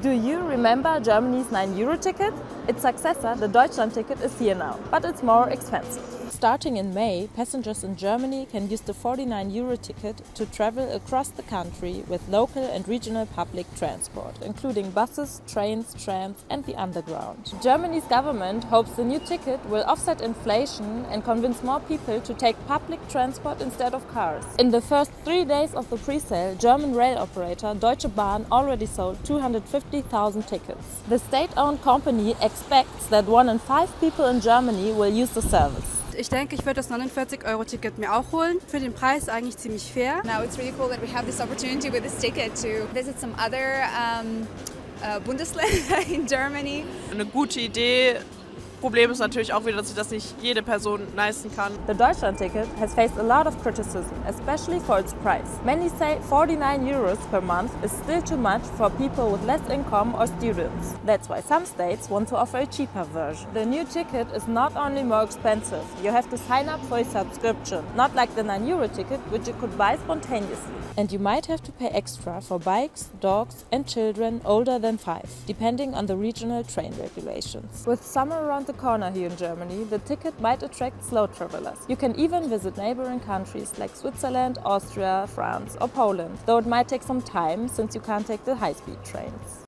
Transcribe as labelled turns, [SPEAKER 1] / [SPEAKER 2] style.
[SPEAKER 1] Do you remember Germany's 9 euro ticket? Its successor, the Deutschlandticket, is here now, but it's more expensive. Starting in May, passengers in Germany can use the 49 euro ticket to travel across the country with local and regional public transport, including buses, trains, trams, and the underground. Germany's government hopes the new ticket will offset inflation and convince more people to take public transport instead of cars. In the first three days of the pre sale, German rail operator Deutsche Bahn already sold 250,000 tickets. The state owned company expects that one in five people in Germany will use the service.
[SPEAKER 2] Ich denke, ich werde das 49-Euro-Ticket mir auch holen. Für den Preis eigentlich ziemlich fair. Now it's really cool that we have this opportunity with this ticket to visit some other um, uh, Bundesländer in Germany.
[SPEAKER 3] Eine gute Idee, Problem ist natürlich auch wieder, dass sich das nicht jede Person leisten kann.
[SPEAKER 1] The Deutschland-Ticket has faced a lot of criticism, especially for its price. Many say 49 euros per month is still too much for people with less income or students. That's why some states want to offer a cheaper version. The new ticket is not only more expensive, you have to sign up for a subscription, not like the 9 euro ticket which you could buy spontaneously. And you might have to pay extra for bikes, dogs and children older than 5, depending on the regional train regulations. With summer around the corner here in Germany, the ticket might attract slow travelers. You can even visit neighboring countries like Switzerland, Austria, France or Poland, though it might take some time since you can't take the high-speed trains.